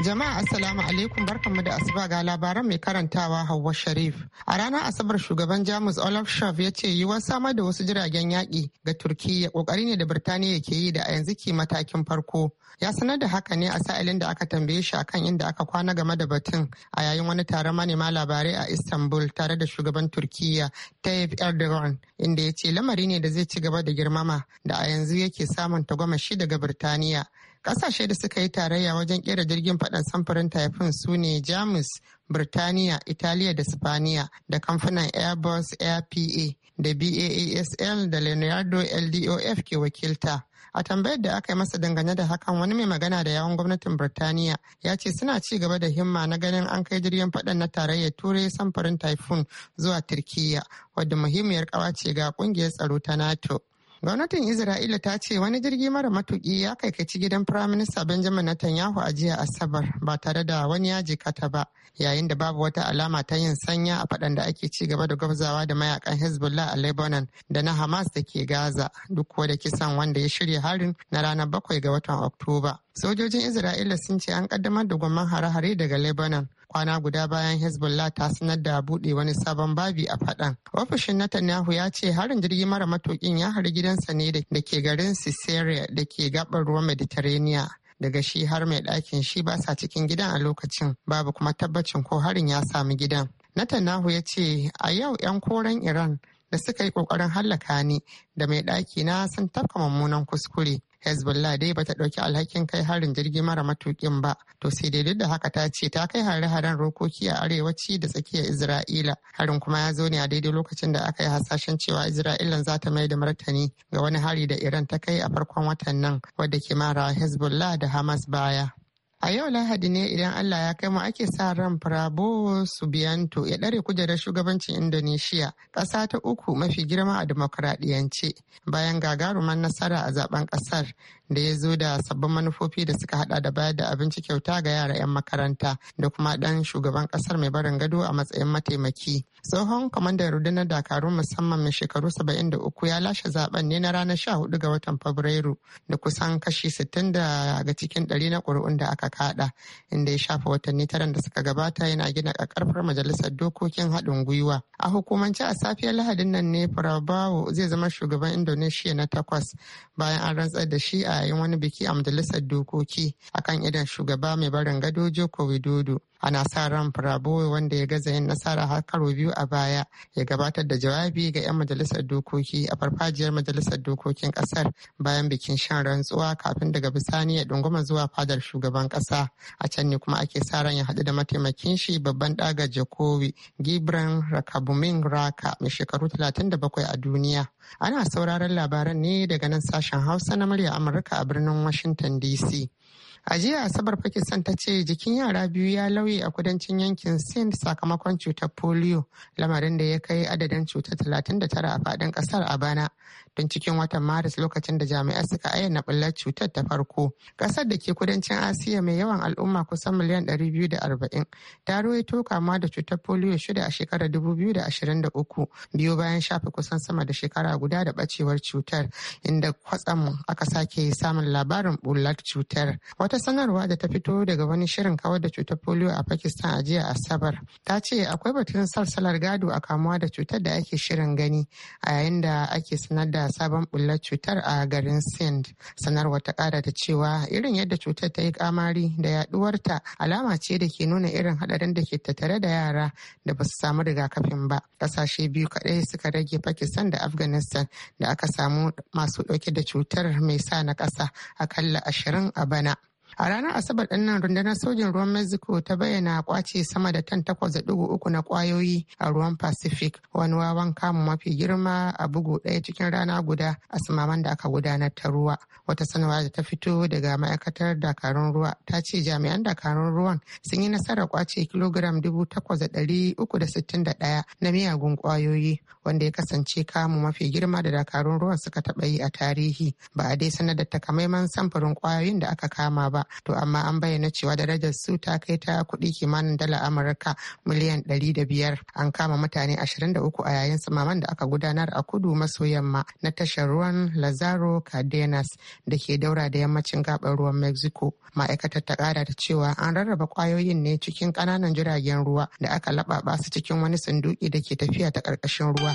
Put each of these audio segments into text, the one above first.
Jama'a Assalamu alaikum barkanmu da asuba ga labaran mai karantawa Hauwa Sharif. A ranar Asabar shugaban Jamus Olaf Scholz ya ce yiwuwar samar da wasu jiragen yaki ga Turkiyya ƙoƙari ne da Birtaniya ke yi da a yanzu ke matakin farko. Ya sanar da haka ne a sa'ilin da aka tambaye shi akan inda aka kwana game da batun a yayin wani taron manema labarai a Istanbul tare da shugaban Turkiyya Tayyip Erdogan inda ya ce lamari ne da zai ci gaba da girmama da a yanzu yake samun tagwamashi daga Birtaniya. Kasashe da suka yi tarayya wajen kera jirgin faɗan samfurin typhoon su ne Jamus, Birtaniya, Italiya da Spaniya da kamfanin Airbus AirPA da BAASL da Leonardo LDOF ke wakilta. a tambayar da aka yi masa dangane da hakan wani mai magana da yawon gwamnatin birtaniya ya ce suna ci gaba da himma na ganin an kai jirgin faɗan na tarayyar turai samfurin typhoon zuwa turkiyya wadda muhimmiyar kawa ce ga kungiyar tsaro ta nato Gwamnatin Isra'ila ta ce wani jirgi mara matuki ya kaikaci gidan Firaminista Benjamin Netanyahu a jiya Asabar ba tare da wani ya jikata ba, yayin da babu wata alama ta yin sanya a faɗan da ake ci gaba da gwabzawa da mayakan Hezbollah a Lebanon da na Hamas da ke Gaza, duk kuwa da kisan wanda ya shirya harin na ranar bakwai ga watan Oktoba. Sojojin Isra'ila sun ce an ƙaddamar da gwamman hare-hare daga Lebanon kwana guda bayan hezbollah ta sanar da buɗe wani sabon babi a faɗan ofishin netanyahu ya ce harin jirgi mara matukin ya hari gidansa ne da ke garin caesarea da ke gabar ruwan mediterania daga shi har mai ɗakin shi ba sa cikin gidan a lokacin babu kuma tabbacin ko harin ya sami gidan netanyahu ya ce a yau 'yan koren iran da suka yi kokarin hallaka ni da mai ɗaki na san tafka mummunan kuskure hezbollah dai bata ɗauki alhakin kai harin jirgin mara matukin ba to sai dai duk da haka ta ce ta kai hare-haren rokoki a arewaci da tsakiyar isra'ila harin kuma ya zo ne a daidai lokacin da aka yi hasashen cewa isra'ila za ta mai da martani ga wani hari da iran ta kai a farkon watan nan wadda ke mara hezbollah da hamas baya A yau Lahadi ne idan Allah ya kai mu ake sa ran Prabo Subianto ya ɗare kujerar shugabancin Indonesia ƙasa ta uku mafi girma a demokuraɗiyance bayan gagaruman nasara a zaben ƙasar da ya zo da sabbin manufofi da suka hada da bayar da abinci kyauta ga yara 'yan makaranta da kuma ɗan shugaban ƙasar mai barin gado a matsayin mataimaki. Tsohon kwamandan rundunar dakaru musamman mai shekaru 73 ya lashe zaben ne na ranar 14 ga watan Fabrairu da kusan kashi 60 daga cikin 100 na ƙuri'un da aka kaɗa inda ya shafa watanni taran da suka gabata yana gina ƙarfar majalisar dokokin haɗin gwiwa a hukumance a safiyar lahadin nan ne prabowo zai zama shugaban indonesia na takwas bayan an rantsar da shi a yayin wani biki a majalisar dokoki akan idan shugaba mai barin gado joko widodo ana sa ran farabo wanda ya gaza yin nasara har karo biyu a baya ya gabatar da jawabi ga 'yan majalisar dokoki a farfajiyar majalisar dokokin kasar bayan bikin shan rantsuwa kafin daga bisani ya dunguma zuwa fadar shugaban kasa a can ne kuma ake sa ran ya haɗu da mataimakin shi babban ɗaga jakowi Gibran Rakabumin Raka mai shekaru 37 a duniya. Ana sauraron labaran ne daga nan sashen Hausa na murya Amurka a birnin Washington DC. A jiya Asabar Pakistan ta ce jikin yara biyu ya lauye a kudancin yankin Sind sakamakon cutar polio, lamarin da ya kai adadin cutar 39 a faɗin ƙasar a bana tun cikin watan maris lokacin da jami'ai suka ayyana bullar cutar ta farko Ƙasar da ke kudancin asiya mai yawan al'umma kusan miliyan 240 ta ruwaito kama da cutar polio shida a shekarar 2023 biyu bayan shafe kusan sama da shekara guda da bacewar cutar inda kwatsam aka sake samun labarin bullar cutar wata sanarwa da ta fito daga wani shirin kawar da cutar polio a pakistan a jiya asabar ta ce akwai batun salsalar gado a kamuwa da cutar da ake shirin gani a yayin da ake sanar da da sabon bullar cutar a garin Sind. Sanarwa ta kara da cewa irin yadda cutar ta yi kamari da yaduwarta alama ce da ke nuna irin hadarin da ke tattare da yara da ba su samu rigakafin ba. Kasashe biyu kadai suka rage Pakistan da Afghanistan da aka samu masu dauke da cutar mai sa na kasa akalla ashirin a bana. A ranar Asabar ɗin nan rundunar sojin ruwan Mexico ta bayyana kwace sama da tan takwas da uku na kwayoyi a ruwan Pacific wani wawan kamu mafi girma a bugu ɗaya cikin rana guda a samaman da aka gudanar ta ruwa. Wata sanarwa da ta fito daga ma'aikatar dakarun ruwa ta ce jami'an dakarun ruwan sun yi nasarar kwace kilogiram dubu takwas da ɗari uku da sittin da ɗaya na miyagun kwayoyi wanda ya kasance kamu mafi girma da dakarun ruwan suka taɓa yi a tarihi ba a dai sanar da takamaiman samfurin kwayoyin da aka kama ba. to amma an bayyana cewa darajar su ta kai ta kuɗi kimanin dala amurka miliyan ɗari da biyar an kama mutane ashirin da uku a yayin samaman da aka gudanar a kudu maso yamma na tashar ruwan lazaro cardenas da ke daura da yammacin gabar ruwan mexico ma'aikatar ta kara da cewa an rarraba kwayoyin ne cikin ƙananan jiragen ruwa da aka laɓaɓa su cikin wani sanduki da ke tafiya ta ƙarƙashin ruwa.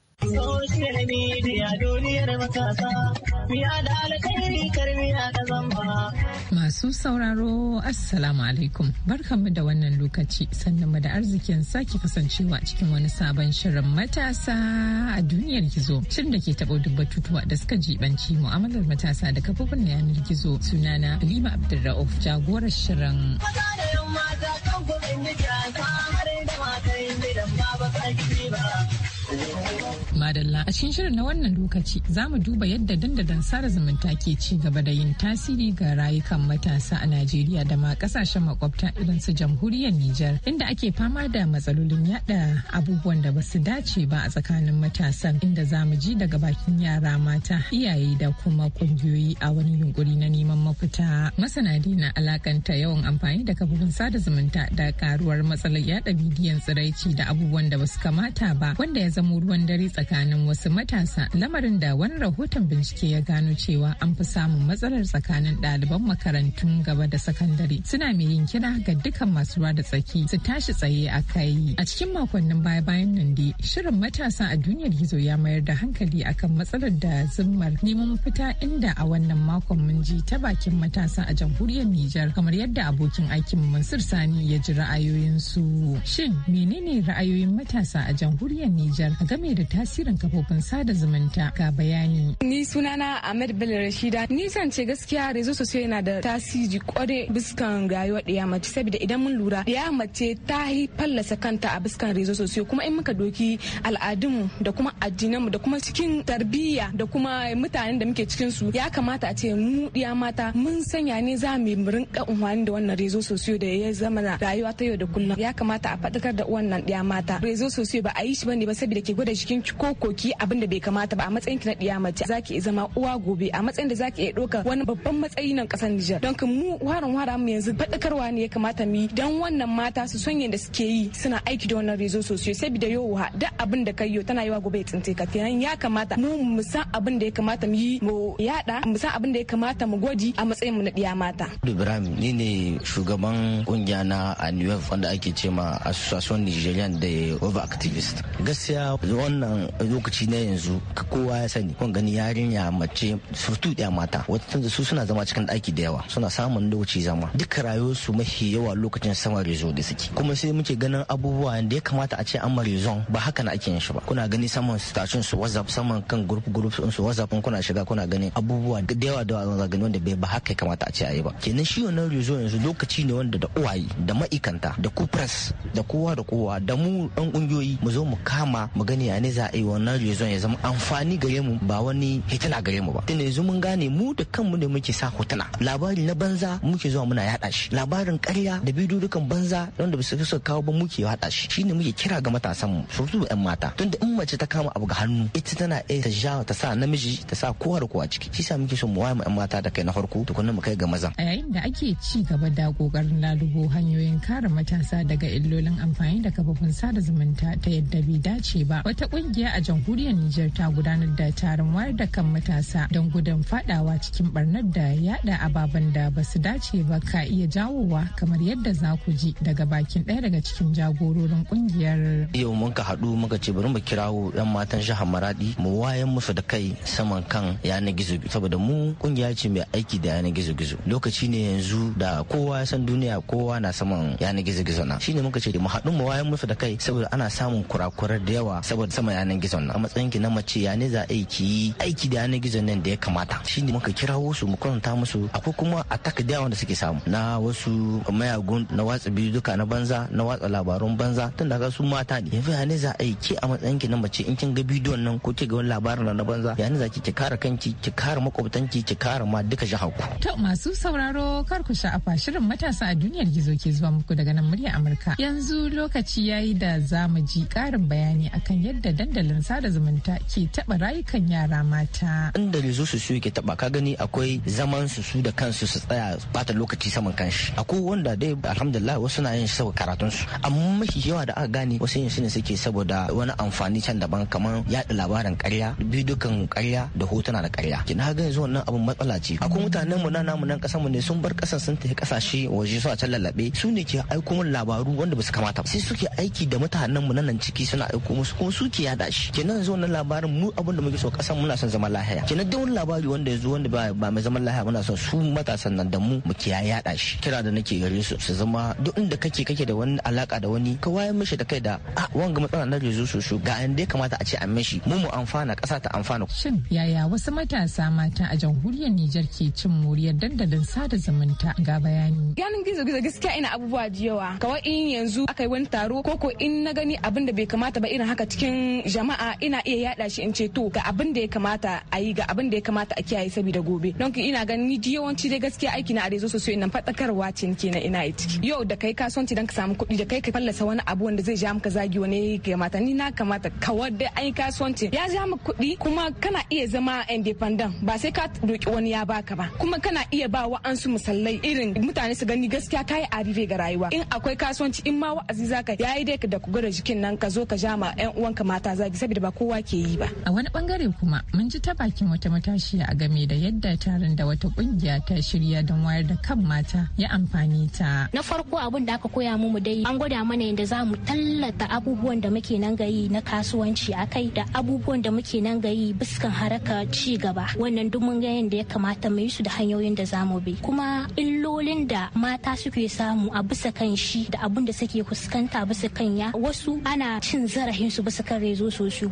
Masu sauraro, Assalamu alaikum, barkanmu da wannan lokaci sannan da arzikin sake kasancewa cikin wani sabon shirin matasa a duniyar gizo. Shirin da ke taɓo duk batutuwa da suka jibanci mu'amalar matasa da kafofin yanar gizo sunana Halima Abdulra'uf jagorar shirin. madalla a cikin shirin na wannan lokaci za mu duba yadda dandadan sada zumunta ke ci gaba da yin tasiri ga rayukan matasa a najeriya da ma kasashen makwabta irin su jamhuriyar nijar inda ake fama da matsalolin yada abubuwan da ba su dace ba a tsakanin matasan inda za mu ji daga bakin yara mata iyaye da kuma kungiyoyi a wani yunkuri na neman mafita masana na alakanta yawan amfani da kafofin sada zumunta da karuwar matsalar yada bidiyon tsiraici da abubuwan da ba su kamata ba wanda ya zamo ruwan dare tsakanin tsakanin wasu matasa lamarin da wani rahoton bincike ya gano cewa an fi samun matsalar tsakanin ɗaliban makarantun gaba da sakandare suna mai yin kira ga dukkan masu ruwa da tsaki su tashi tsaye a kayi. a cikin makonnin baya bayan nan dai shirin matasa a duniyar gizo ya mayar da hankali akan matsalar da zimmar neman mafita inda a wannan makon mun ji ta bakin matasa a jamhuriyar Nijar kamar yadda abokin aikin Mansur Sani ya ji ra'ayoyinsu shin menene ra'ayoyin matasa a jamhuriyar Nijar game da tasiri tasirin kafofin sada zumunta ga bayani. Ni sunana Ahmed Bello Rashida. Ni san ce gaskiya rezo sosai yana da tasiri kware biskan rayuwa ɗaya mace saboda idan mun lura ɗaya mace ta yi fallasa kanta a biskan rezo sosai kuma in muka doki al'adunmu da kuma addinanmu da kuma cikin tarbiyya da kuma mutanen da muke cikin su ya kamata a ce mu ɗiya mata mun sanya ne za mu rinka unhwani da wannan rezo sosai da ya zama rayuwa ta yau da kullum ya kamata a faɗakar da wannan ɗiya mata rezo sosai ba a yi shi bane ba saboda ke gwada jikin ko kawo koki abin da bai kamata ba a matsayin ki na diya mace zaki zama uwa gobe a matsayin da za ki iya doka wani babban matsayi nan kasar Nijar don mu waran wara mu yanzu faɗakarwa ne ya kamata mu yi dan wannan mata su son da suke yi suna aiki da wannan rezo sosai saboda yowa duk abin da kai tana yawa gobe ya tsinte ka kenan ya kamata mu mu san abin da ya kamata mu yi mu yada mu san abin da ya kamata mu gwaji a matsayin mu na diya mata Ibrahim ni ne shugaban kungiya na ANUF wanda ake ce ma Association Nigerian de Over Activist gaskiya wannan lokaci na yanzu ka kowa ya sani kun gani yarinya mace surtu ya mata wata su suna zama cikin daki da yawa suna samun lokaci zama duka su mafi yawa lokacin sama rezo da suke kuma sai muke ganin abubuwa da ya kamata a ce an zon ba haka na ake yin shi ba kuna gani saman station su whatsapp saman kan group group su whatsapp kuna shiga kuna gani abubuwa da yawa da yawa gani wanda bai ba haka ya kamata a ce ayi ba kenan shi wannan rezo yanzu lokaci ne wanda da uwaye da ma'ikanta da ku press da kowa da kowa da mu ɗan kungiyoyi mu zo mu kama mu gani ya ne za a yi wannan rezon ya zama amfani gare mu ba wani hituna gare mu ba tunda yanzu mun gane mu da kanmu ne muke sa hotuna labari na banza muke zuwa muna yada shi labarin karya da bidiyodukan banza wanda ba su suka kawo ba muke yada shi shine muke kira ga matasan mu surtu yan mata tunda in mace ta kama abu ga hannu ita tana iya ta ja ta sa namiji ta sa kowa da kowa ciki shi sa muke so mu waye yan mata da kai na farko tukunna mu kai ga maza a yayin da ake ci gaba da kokarin lalubo hanyoyin kare matasa daga illolin amfani da kafofin sada zumunta ta yadda bai dace ba wata kungiya a jamhuriyar Nijar ta gudanar da taron wayar da kan matasa don gudun fadawa cikin barnar da yada ababen da ba su dace ba ka iya jawowa kamar yadda za ku ji daga bakin ɗaya daga cikin jagororin kungiyar. Yau mun ka haɗu muka ce bari mu kirawo 'yan matan jihar Maradi mu wayan musu da kai saman kan yanar gizo saboda mu kungiya ce mai aiki da yanar gizo gizo lokaci ne yanzu da kowa ya san duniya kowa na saman yanar gizo gizo na shine muka ce mu haɗu mu wayan musu da kai saboda ana samun kurakurar da yawa saboda saman yanar gizo gizon nan a matsayin ki na mace ya ne za aiki aiki da yanar gizon nan da ya kamata shine muka kira wasu mu kwanta musu akwai kuma a takarda wanda suke samu na wasu mayagun na watsa biyu na banza na watsa labarun banza tun daga su mata ne yanzu ya ne za aiki a matsayin ki na mace in kin ga bidiyon nan ko ki ga wani labarin na banza ya ne za ki ki kara kanki ki kara makwabtanki ki kara ma duka jihar ku. to masu sauraro kar ku sha'afa shirin matasa a duniyar gizo ke zuwa muku daga nan murya amurka yanzu lokaci ya yi da za mu ji karin bayani akan yadda dandalin kafafen sada zumunta ke taba rayukan yara mata. Inda da zo su su ke taɓa ka gani akwai zaman su su da kansu su tsaya bata lokaci saman kanshi. Akwai wanda dai alhamdulillah wasu na yin saboda su. amma mafi yawa da aka gane wasu yin ne suke saboda wani amfani can daban kamar yaɗa labarin karya bidiyon karya da hotuna da karya. Kina gani yanzu nan abin matsala ce. Akwai mutanen mu na namu nan kasan mu ne sun bar kasan sun tafi ƙasashe waje su a can lallabe. su ne ke aiko mun labaru wanda basu kamata ba. Sai suke aiki da mutanen mu nan ciki suna aiko musu kuma su ke yada shi. kenan yanzu wannan labarin mu abin da muke so kasan muna son zaman lahiya kenan duk wani labari wanda ya zo wanda ba mai zaman lahiya muna son su matasan nan da mu mu kiya yada shi kira da nake gare su su zama duk inda kake kake da wani alaka da wani ka wayar mishi da kai da a ah, wanga matsala na rezo su ga inda ya kamata a ce a mishi mu mu amfana kasa ta amfana shin yaya wasu matasa mata a jamhuriyar Nijar ke cin muriyar dandalin sada zumunta ga bayani ganin gizo gizo gaskiya ina abubuwa jiyawa kawai in yanzu aka wani taro ko ko in na gani abin da bai kamata ba irin haka cikin jama'a jama'a ina iya yada shi in ce to ga abin da ya kamata a yi ga abin da ya kamata a kiyaye saboda gobe don ina ganin ni yawanci dai gaskiya aiki na arezo sosai nan fadakarwa ce nake na ina yi ciki yau da kai kasuwanci don ka samu kuɗi da kai ka fallasa wani abu wanda zai ja maka zagi wani ya kamata ni na kamata kawar da an yi kasuwanci ya ja maka kuɗi kuma kana iya zama independent ba sai ka roki wani ya baka ba kuma kana iya ba wa su musallai irin mutane su gani gaskiya kayi arife ga rayuwa in akwai kasuwanci in ma wa'azi zaka yayi dai ka da kugura jikin nan ka zo ka ja ma yan uwanka mata zagi saboda ba kowa ke yi ba a wani bangare kuma mun ji ta bakin wata matashiya a game da yadda taron da wata kungiya ta shirya don wayar da kan mata ya amfani ta na farko abin da aka koya mu dai an gwada mana yadda za mu tallata abubuwan da muke nan gayi na kasuwanci a kai da abubuwan da muke nan gayi biskan haraka ci gaba wannan duk mun ga yadda ya kamata mu yi su da hanyoyin da za mu bi kuma illolin da mata suke samu a bisa kan shi da abun da suke fuskanta bisa kan ya wasu ana cin zarafin su bisa kan rezo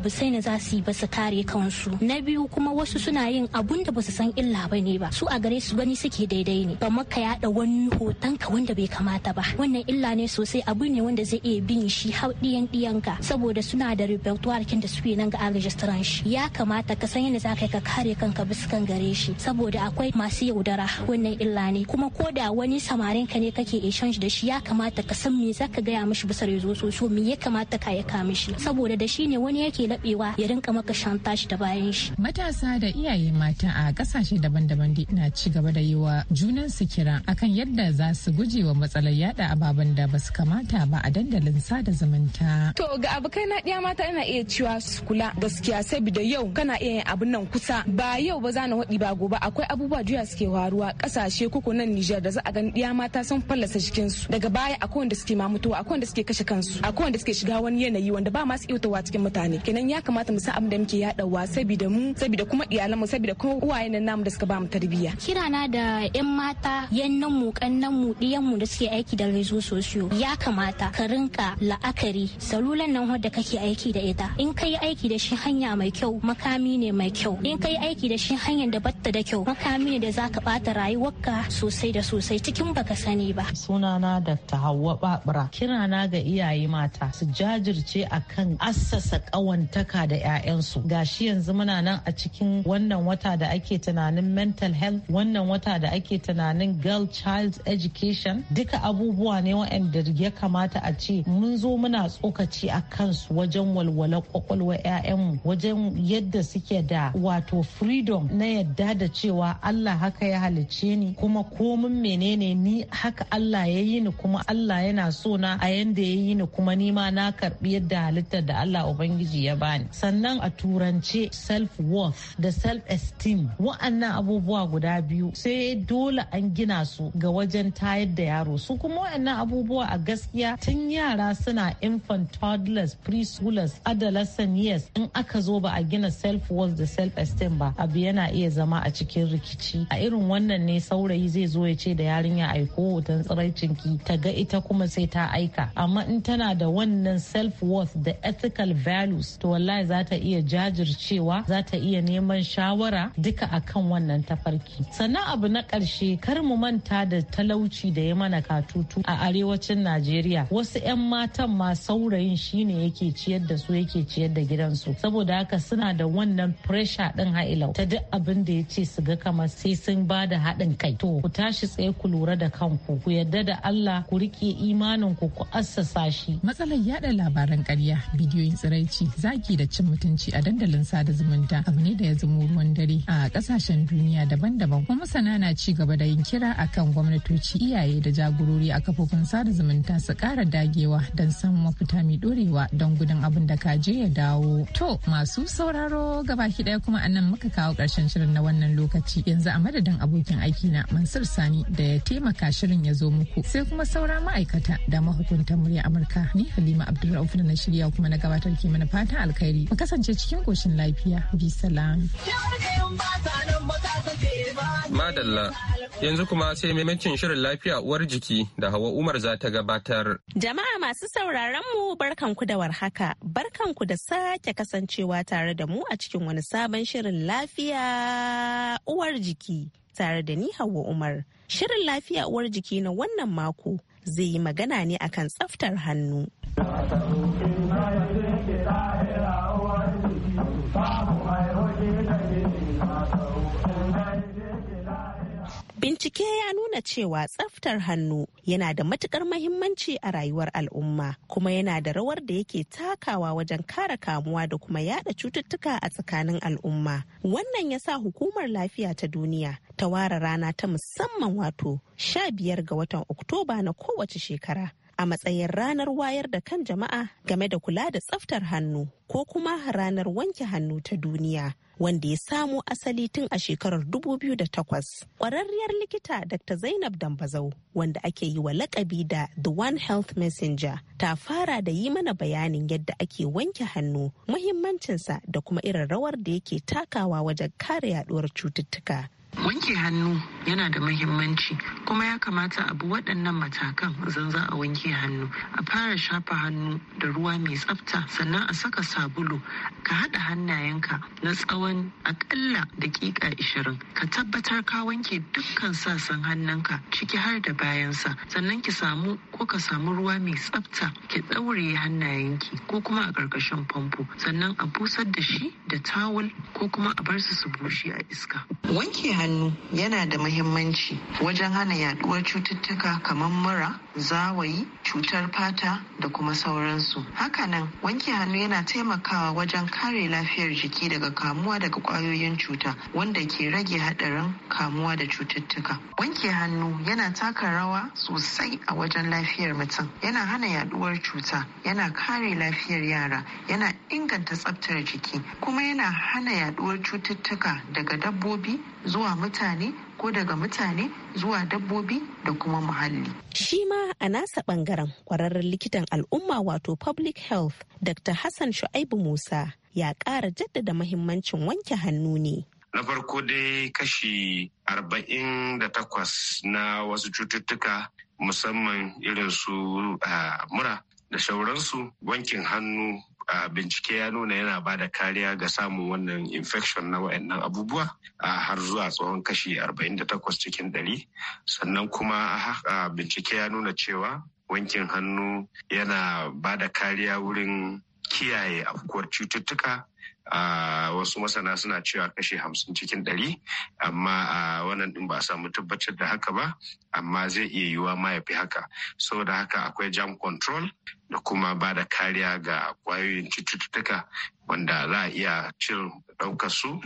sai na za su yi ba su kare kansu na biyu kuma wasu suna yin abun da ba su san illa ba ne ba su a gare su gani suke daidai ne kamar ka yada wani hoton ka wanda bai kamata ba wannan illa ne sosai abu ne wanda zai iya bin shi har diyan ka saboda suna da repertoire kin da suke nan ga registration shi ya kamata ka san yadda za ka ka kare kanka biskan gare shi saboda akwai masu yaudara wannan illa ne kuma ko da wani samarin ka ne kake exchange da shi ya kamata ka san me za ka gaya mishi bisa rezo so me ya kamata ka ka mishi saboda da shi ne wani yake labewa ya rinka maka shantashi da bayan shi matasa da iyaye mata a kasashe daban-daban na ci gaba da yi wa junan su kira akan yadda za su guje wa matsalar yada ababen da basu kamata ba a dandalin sada zumunta to ga abokai na ɗiya mata ina iya cewa su kula gaskiya saboda yau kana iya yin abin nan kusa ba yau ba za na waɗi ba gobe akwai abubuwa juya suke waruwa kasashe koko nan Nijar da za a gani ɗiya mata sun fallasa jikinsu daga baya akwai wanda suke mamutuwa akwai wanda suke kashe kansu akwai wanda suke shiga wani yanayi wanda ba ma su iya cikin mutane kenan ya kamata mu san abin da muke wa saboda mu saboda kuma iyalanmu saboda kuma uwayen namu da suka ba mu tarbiyya kirana da yan mata nan mu nan mu diyan mu da suke aiki da rezo sosiyo ya kamata ka rinka la'akari salulan nan wadda kake aiki da ita in kai aiki da shi hanya mai kyau makami ne mai kyau in kai aiki da shi hanyar da batta da kyau makami ne da zaka bata rayuwarka sosai da sosai cikin baka sani ba sunana da hauwa babura kirana ga iyaye mata su jajirce akan assasa kawa ƙawantaka da 'ya'yansu gashi yanzu muna nan a cikin wannan wata da ake tunanin mental health wannan wata da ake tunanin girl child education duka abubuwa ne waɗanda ya kamata a ce mun zo muna tsokaci a kansu wajen walwala kwakwalwa 'ya'yanmu wajen yadda suke da wato freedom na yadda da cewa Allah haka ya halicce ni kuma komin menene ni haka Allah ya yi ni kuma Allah yana so na a yanda ya yi ni kuma ni ma na karbi yadda halittar da Allah Ubangiji ya bani sannan a turance self worth da self esteem wa'annan abubuwa guda biyu sai dole an gina su ga wajen tayar da yaro su kuma wa'annan abubuwa a gaskiya tun yara suna infant toddlers preschoolers adolescent years in aka zo ba a gina self worth da self esteem ba abu yana iya zama a cikin rikici a irin wannan ne saurayi zai zo ya ce da yarinya aiko hoton ki ta ga ita kuma sai ta aika amma in tana da wannan self worth da ethical values to wallahi za ta iya jajircewa za ta iya neman shawara duka akan wannan tafarki sannan abu na ƙarshe kar mu manta da talauci da ya mana katutu a arewacin najeriya wasu 'yan matan ma saurayin shine yake ciyar da su yake ciyar da gidansu saboda haka suna da wannan pressure din ha'ilau ta duk abin da ya ce su ga kamar sai sun ba da haɗin kai to ku tashi tsaye ku lura da kanku ku yarda da Allah ku riƙe imanin ku ku assasa shi matsalar yaɗa labaran ƙarya bidiyoyin tsiraici Zaki da cin mutunci a dandalin sada zumunta abu ne da ya zama ruwan dare a kasashen duniya daban-daban kuma masana na ci gaba da yin kira akan gwamnatoci iyaye da jagorori a kafofin sada zumunta su kara dagewa don samun mafita mai dorewa don gudun abin da ka je ya dawo to masu sauraro gaba ki daya kuma anan muka kawo karshen shirin na wannan lokaci yanzu a madadin abokin aiki na mansur sani da ya taimaka shirin ya zo muku sai kuma saura ma'aikata da mahukuntan murya amurka ni halima abdulrauf na shirya kuma na gabatar ke mana fata alkhairi mu kasance cikin koshin lafiya bi salam madalla yanzu kuma sai maimakon shirin lafiya uwar jiki da hawa umar za ta gabatar jama'a masu sauraron mu barkanku da warhaka barkanku da sake kasancewa tare da mu a cikin wani sabon shirin lafiya uwar jiki tare da ni hawa umar shirin lafiya uwar jiki na wannan mako zai yi magana ne akan tsaftar hannu. Bincike ya nuna cewa tsaftar hannu yana da matukar mahimmanci a rayuwar al'umma kuma yana da rawar da yake takawa wajen kare kamuwa da kuma yada cututtuka a tsakanin al'umma. Wannan ya sa hukumar lafiya ta duniya ta ware rana ta musamman wato 15 ga watan Oktoba na kowace shekara a matsayin ranar wayar da kan jama'a game da kula da tsaftar hannu ko kuma ranar wanke hannu ta duniya. wanda ya samo asali tun a shekarar 2008. Ƙwararriyar likita Dr. Zainab Dambazau wanda ake yi wa lakabi da The One Health Messenger ta fara da yi mana bayanin yadda ake wanke hannu, muhimmancinsa da kuma irin rawar da yake takawa wajen kare yaduwar cututtuka. Wanke hannu yana da mahimmanci kuma ya kamata a bi waɗannan matakan zan za a wanke hannu. A fara shafa hannu da ruwa mai tsafta sannan a saka sabulu ka haɗa hannayenka na tsawon aƙalla daƙiƙa ishirin. Ka tabbatar ka wanke dukkan sassan hannunka ciki har da bayansa sannan ki samu ko ka samu ruwa mai tsafta ki ɗaure hannayenki ko kuma a ƙarƙashin famfo sannan a busar da shi da tawul ko kuma a bar su su bushe a iska. Wanke hannu yana da mahimmanci wajen hana yaduwar cututtuka kamar mura zawayi cutar fata da kuma sauransu hakanan wanke hannu yana taimakawa wajen kare lafiyar jiki daga kamuwa daga kwayoyin cuta wanda ke rage haɗarin kamuwa da cututtuka wanke hannu yana taka rawa sosai a wajen lafiyar mutum yana hana yaduwar cuta yana kare lafiyar yara yana inganta tsaftar jiki kuma yana hana yaduwar cututtuka daga dabbobi zuwa zuwa mutane ko daga mutane zuwa dabbobi da kuma muhalli. Shi ma a nasa bangaren kwararren likitan al'umma wato public health Dr. Hassan Shu'aibu Musa ya ƙara jaddada mahimmancin wanke hannu ne. Na farko dai kashi arba'in da takwas na wasu cututtuka musamman irin su ah, mura da sauransu wankin hannu bincike ya nuna yana ba da kariya ga samun wannan infection na waɗannan abubuwa A har zuwa tsawon kashi 48 cikin 100 sannan kuma bincike ya nuna cewa wankin hannu yana ba da kariya wurin kiyaye afkuwar cututtuka a wasu masana suna cewa kashi hamsin cikin ɗari amma a wannan ɗin ba a samu tabbatar da haka ba amma zai iya yiwuwa ma ya fi haka saboda haka akwai jam control da kuma ba da kariya ga kwayoyin cututtuka wanda za a iya cin ɗaukar su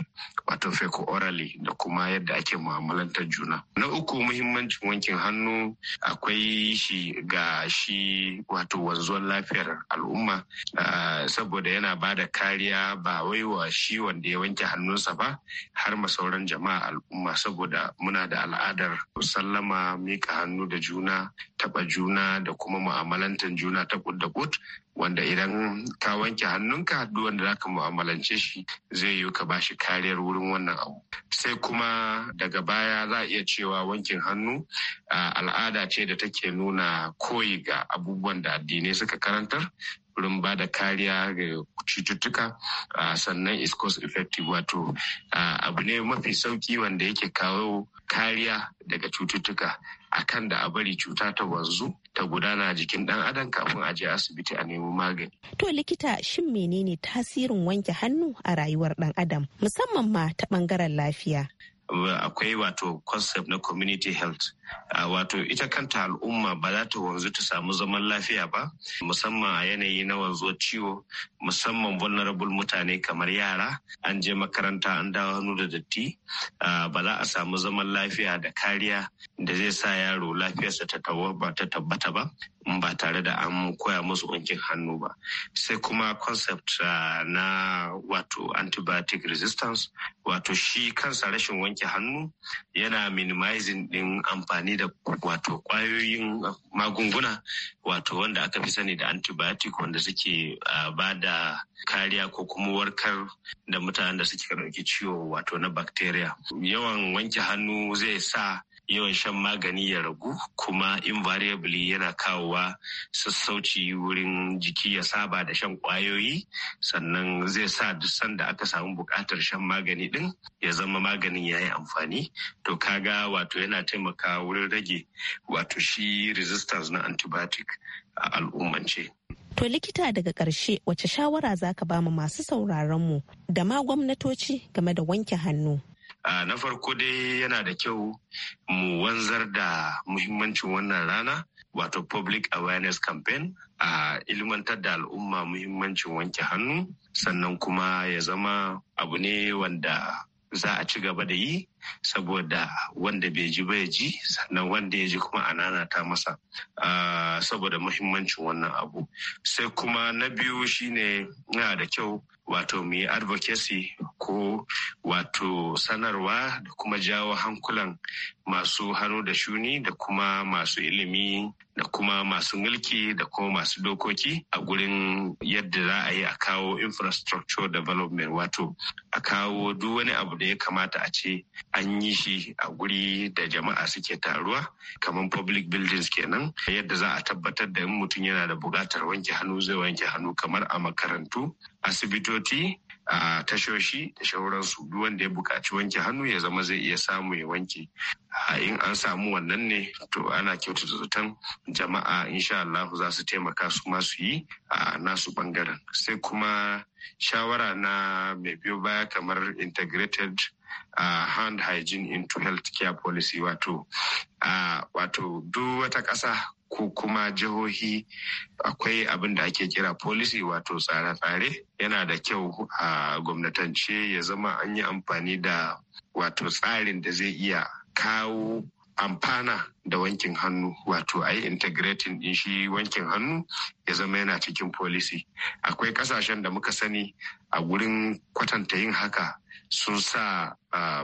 wato feko orally da kuma yadda ake mu'amalantar juna na uku muhimmancin wankin hannu akwai shi ga shi wato wanzuwan lafiyar al'umma ah, saboda yana ba da kariya ba wai wa shi wanda ya wanke hannunsa ba har ma sauran jama'a al'umma saboda muna da al'adar sallama miƙa hannu da juna taɓa juna da kuma mu'amalantar juna ta da kut wanda idan ka wanke hannunka duk wanda zaka mu'amalance shi zai yiwu ka bashi kariyar wurin wannan abu sai kuma daga baya za a iya cewa wankin hannu al'ada ce da take nuna koyi ga abubuwan da addinai suka karantar wurin ba da kariya ga cututtuka sannan is cost effective wato abu ne mafi sauki wanda yake kawo kariya daga cututtuka akan da a bari cuta ta wanzu ta gudana a jikin ɗan adam kafin a je asibiti a nemo magani. To likita shin menene tasirin wanke hannu a rayuwar ɗan adam musamman ma ta bangaren lafiya? akwai wato concept na community health wato ita kanta al'umma ba za ta wanzu ta samu zaman lafiya ba musamman a yanayi na wanzo ciwo musamman vulnerable mutane kamar yara an je makaranta an dawo hannu da datti ba za a samu zaman lafiya da kariya da zai sa yaro lafiyarsa ta tabbata ba ba tare da an koya musu wankin hannu ba sai kuma concept na wato antibiotic resistance wato shi kansa rashin wanke hannu yana minimizing din amfani da wato kwayoyin magunguna wato wanda aka fi sani da antibiotic wanda suke ba da kariya ko kuma warkar da mutanen da suke ɗauki ciwo wato na bacteria yawan wanke hannu zai sa yawan shan magani ya ragu kuma invariably yana kawowa sassauci wurin jiki ya saba da shan kwayoyi sannan zai sa duk sanda aka samu bukatar shan magani din ya zama maganin ya yi amfani to kaga wato yana taimaka wurin rage wato shi resistance na antibiotic a al'ummance. To likita daga ƙarshe wace shawara za ka ba mu masu sauraronmu da ma gwamnatoci game da wanke hannu? na farko dai yana da kyau mu wanzar da muhimmancin wannan rana wato public awareness campaign a ilmantar da al'umma muhimmancin wanke hannu sannan kuma ya zama abu ne wanda za a ci gaba da yi saboda wanda bai ji bai ji sannan wanda ya ji kuma ananata masa saboda muhimmancin wannan abu sai kuma na biyu shine na da kyau wato mu yi advocacy ko wato sanarwa da kuma jawo hankulan masu hannu da shuni da kuma masu ilimi da kuma masu mulki da kuma masu dokoki a gurin yadda za a yi a kawo infrastructure development wato a kawo duk wani abu da ya kamata a ce an yi shi a guri da jama'a suke taruwa kamar public buildings kenan yadda za a tabbatar da in mutum yana da buƙatar wanke hannu zai wanke hannu kamar a makarantu asibitoci a tashoshi da shauransu duk wanda ya buƙaci wanke hannu ya zama zai iya samu ya wanke in an samu wannan ne to ana kyautata zaton jama'a insha Allah za su taimaka su masu yi a nasu bangaren sai kuma shawara na mai biyo baya kamar integrated uh, hand hygiene into health care policy wato uh, wato duk wata ƙasa ko kuma jihohi akwai abin da ake kira policy wato tsare-tsare yana da kyau a gwamnatance ya zama an yi amfani da wato tsarin da zai iya kawo amfana da wankin hannu wato a yi integrating din shi wankin hannu ya zama yana cikin policy akwai kasashen da muka sani a gurin kwatanta yin haka sun sa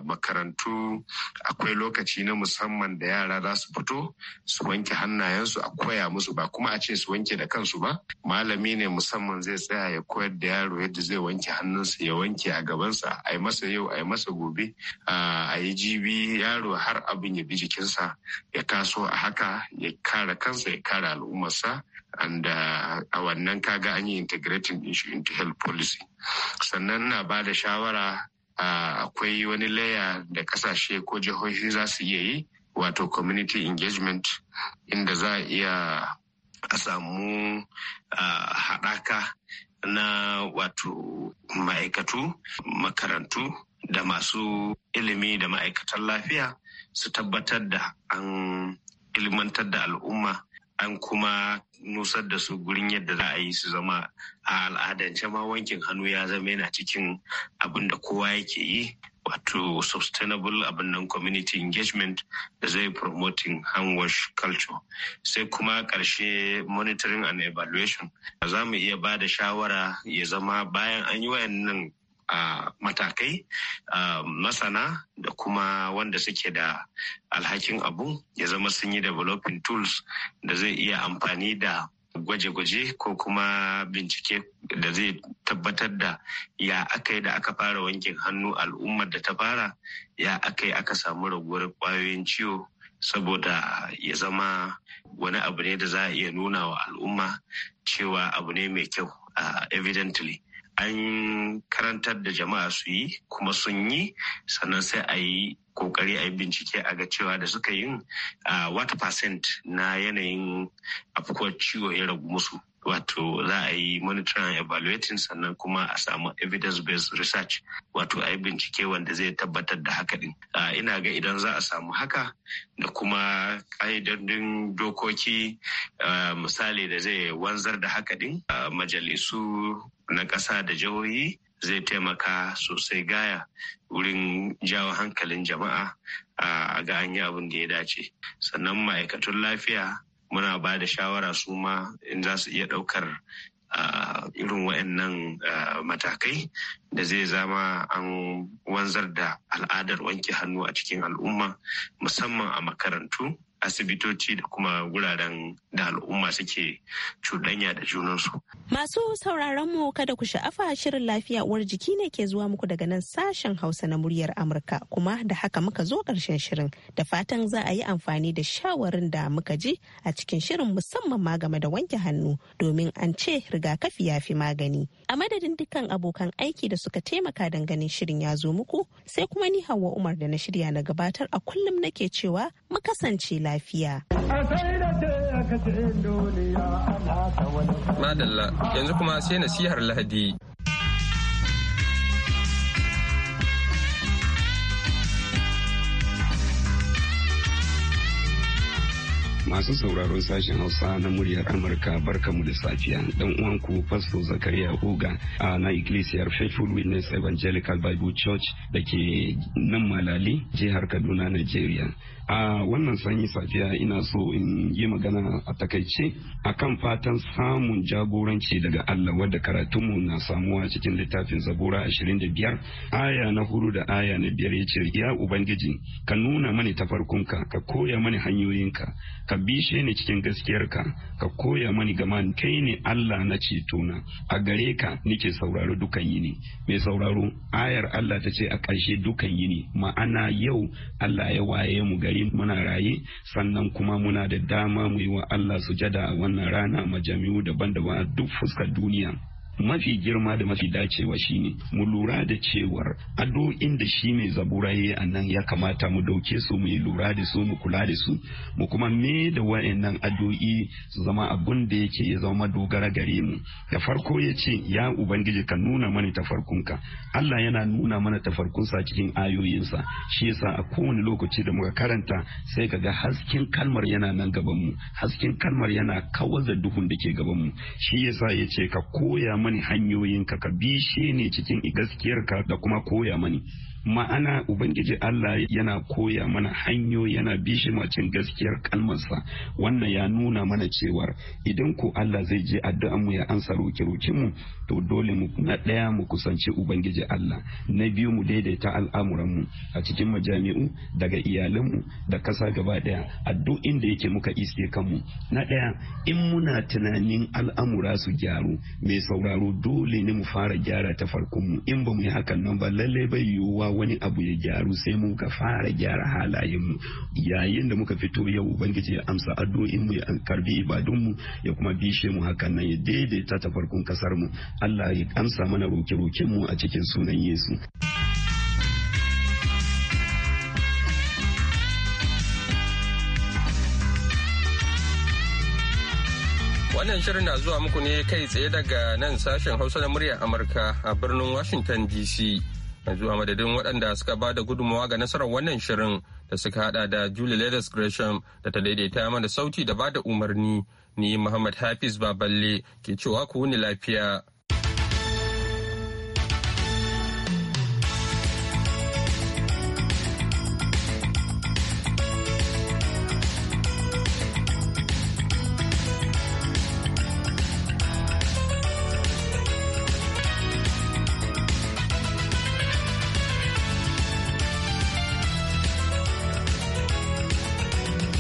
makarantu akwai lokaci na musamman da yara za su fito su wanke hannayensu a koya musu ba kuma a ce su wanke da kansu ba malami ne musamman zai tsaya ya koyar da yaro yadda zai wanke hannunsa ya wanke a gabansa a yi masa yau a yi masa gobe a yi jibi yaro har abin ya bi jikinsa ya kaso a haka ya kare kansa ya kare al'ummarsa and uh, a wannan kaga an yi integrating issue into health policy sannan na ba da shawara akwai wani laya da kasashe ko jihohi za su iya yi wato community engagement inda za a iya a samu haɗaka na wato ma'aikatu makarantu da masu ilimi da ma'aikatan lafiya su tabbatar da an ilmantar da al'umma an kuma nusar da su gurin yadda za a yi su zama a al'adance ma wankin hannu ya zama yana cikin abin da kowa yake yi wato sustainable abin nan community engagement da zai promoting hand wash culture sai kuma ƙarshe monitoring and evaluation za mu iya ba da shawara ya zama bayan an yi wayannan a matakai masana da kuma wanda suke da alhakin abu ya zama sun yi developing tools da zai iya amfani da gwaje-gwaje ko kuma bincike da zai tabbatar da ya aka da aka fara wankin hannu al'ummar da ta fara ya aka yi aka samu raguwar kwayoyin ciwo saboda ya zama wani abu ne da za a iya nuna wa al'umma cewa abu ne mai kyau evidently an karantar da jama'a su yi kuma sun yi sannan sai a yi kokari a yi bincike a ga cewa da suka yi a wata percent na yanayin afkuwar ciwo ya ragu musu wato za a yi monitoring and evaluating sannan kuma a samu evidence-based research wato a yi bincike wanda zai tabbatar da haka din ina ga idan za a samu haka da kuma ƙa'idodin dokoki misali da zai wanzar da haka din majalisu na ƙasa da jihohi zai taimaka sosai gaya wurin jawo hankalin jama'a a ga an yi abin da ya dace sannan ma'aikatun lafiya muna ba da shawara su ma in za su iya ɗaukar irin waɗannan matakai da zai zama an wanzar da al'adar wanke hannu a cikin al'umma musamman a makarantu asibitoci da kuma wuraren da al'umma suke cuɗanya da junansu. Masu sauraron mu kada ku sha'afa shirin lafiya uwar jiki ne ke zuwa muku daga nan sashen Hausa na muryar Amurka kuma da haka muka zo ƙarshen shirin da fatan za a yi amfani da shawarin da muka ji a cikin shirin musamman ma game da wanke hannu domin an ce rigakafi ya fi magani. A madadin dukkan abokan aiki da suka taimaka don ganin shirin ya zo muku sai kuma ni Hauwa Umar da na shirya na gabatar a kullum nake cewa mu kasance lafiya. lafiya. Madalla yanzu kuma sai nasihar Lahadi. Masu sauraron sashen Hausa na muryar Amurka barkamu da safiya dan uwanku Fasto Zakariya Oga a na Iglesiyar Faithful Witness Evangelical Bible Church da ke nan Malali jihar Kaduna Nigeria. A wannan sanyi safiya ina so in yi magana a takaice kan fatan samun jagoranci daga Allah wadda karatunmu na samuwa cikin littafin Zabura 25 aya na huru da aya na biyar ya ce ya Ubangiji ka nuna mani tafarkunka ka koya mani hanyoyinka ka bishe ni cikin gaskiyar ka koya mani gama kai ne Allah na cetona a gare ka nike sauraro dukan yini mai sauraro ayar Allah ta ce a ƙarshe dukan yini ma'ana yau Allah ya waye mu gari muna raye sannan kuma muna da dama mu yi wa Allah sujada a wannan rana majami'u daban-daban a duk fuskar duniya mafi girma da mafi dacewa shine mu lura da cewar ado'in da shi mai zabura a annan ya kamata mu dauke su mu lura da su mu kula da su mu kuma me da wayannan adoi su zama abun da yake ya zama dogara gare mu da farko ya ce ya ubangiji ka nuna mana tafarkunka Allah yana nuna mana tafarkunsa cikin ayoyinsa shi yasa a kowane lokaci da muka karanta sai ka ga hasken kalmar yana nan gaban mu hasken kalmar yana kawar da duhun da ke gaban mu shi yasa ya ce ka koya mana mani hanyoyin ka bishe ne cikin gaskiyar ka da kuma koya mani ma'ana ubangiji Allah yana koya mana hanyo yana macin gaskiyar kalmarsa wannan ya nuna mana cewar idan ko Allah zai je addu'an mu ya ansa roki roki mu to dole mu na daya mu kusanci ubangiji Allah na biyu mu daidaita al'amuran mu a cikin majami'u daga iyalan mu da kasa gaba daya addu'in da yake muka iske kanmu na daya in muna tunanin al'amura su gyaru mai sauraro dole ne mu fara gyara ta farkon mu in ba mu yi hakan nan ba lalle bai yiwuwa wani abu ya gyaru sai mu ka fara gyara halayenmu yayin da muka fito yau ubangiji ya amsa addu'o'in mu ya karbi ibadunmu ya kuma bishe mu hakan nan ya daidaita ta farkon kasar mu Allah ya amsa mana roke-roken mu a cikin sunan Yesu. Wannan shirin na zuwa muku ne kai tsaye daga nan sashen Hausa na muryar Amurka a birnin Washington DC. yanzu a madadin waɗanda suka ba da gudunmawa ga nasarar wannan shirin da suka hada da julie ladis gresham da ta daidaita mana sauti da ba da umarni ni muhammad hafiz baballe ke cewa ku wuni lafiya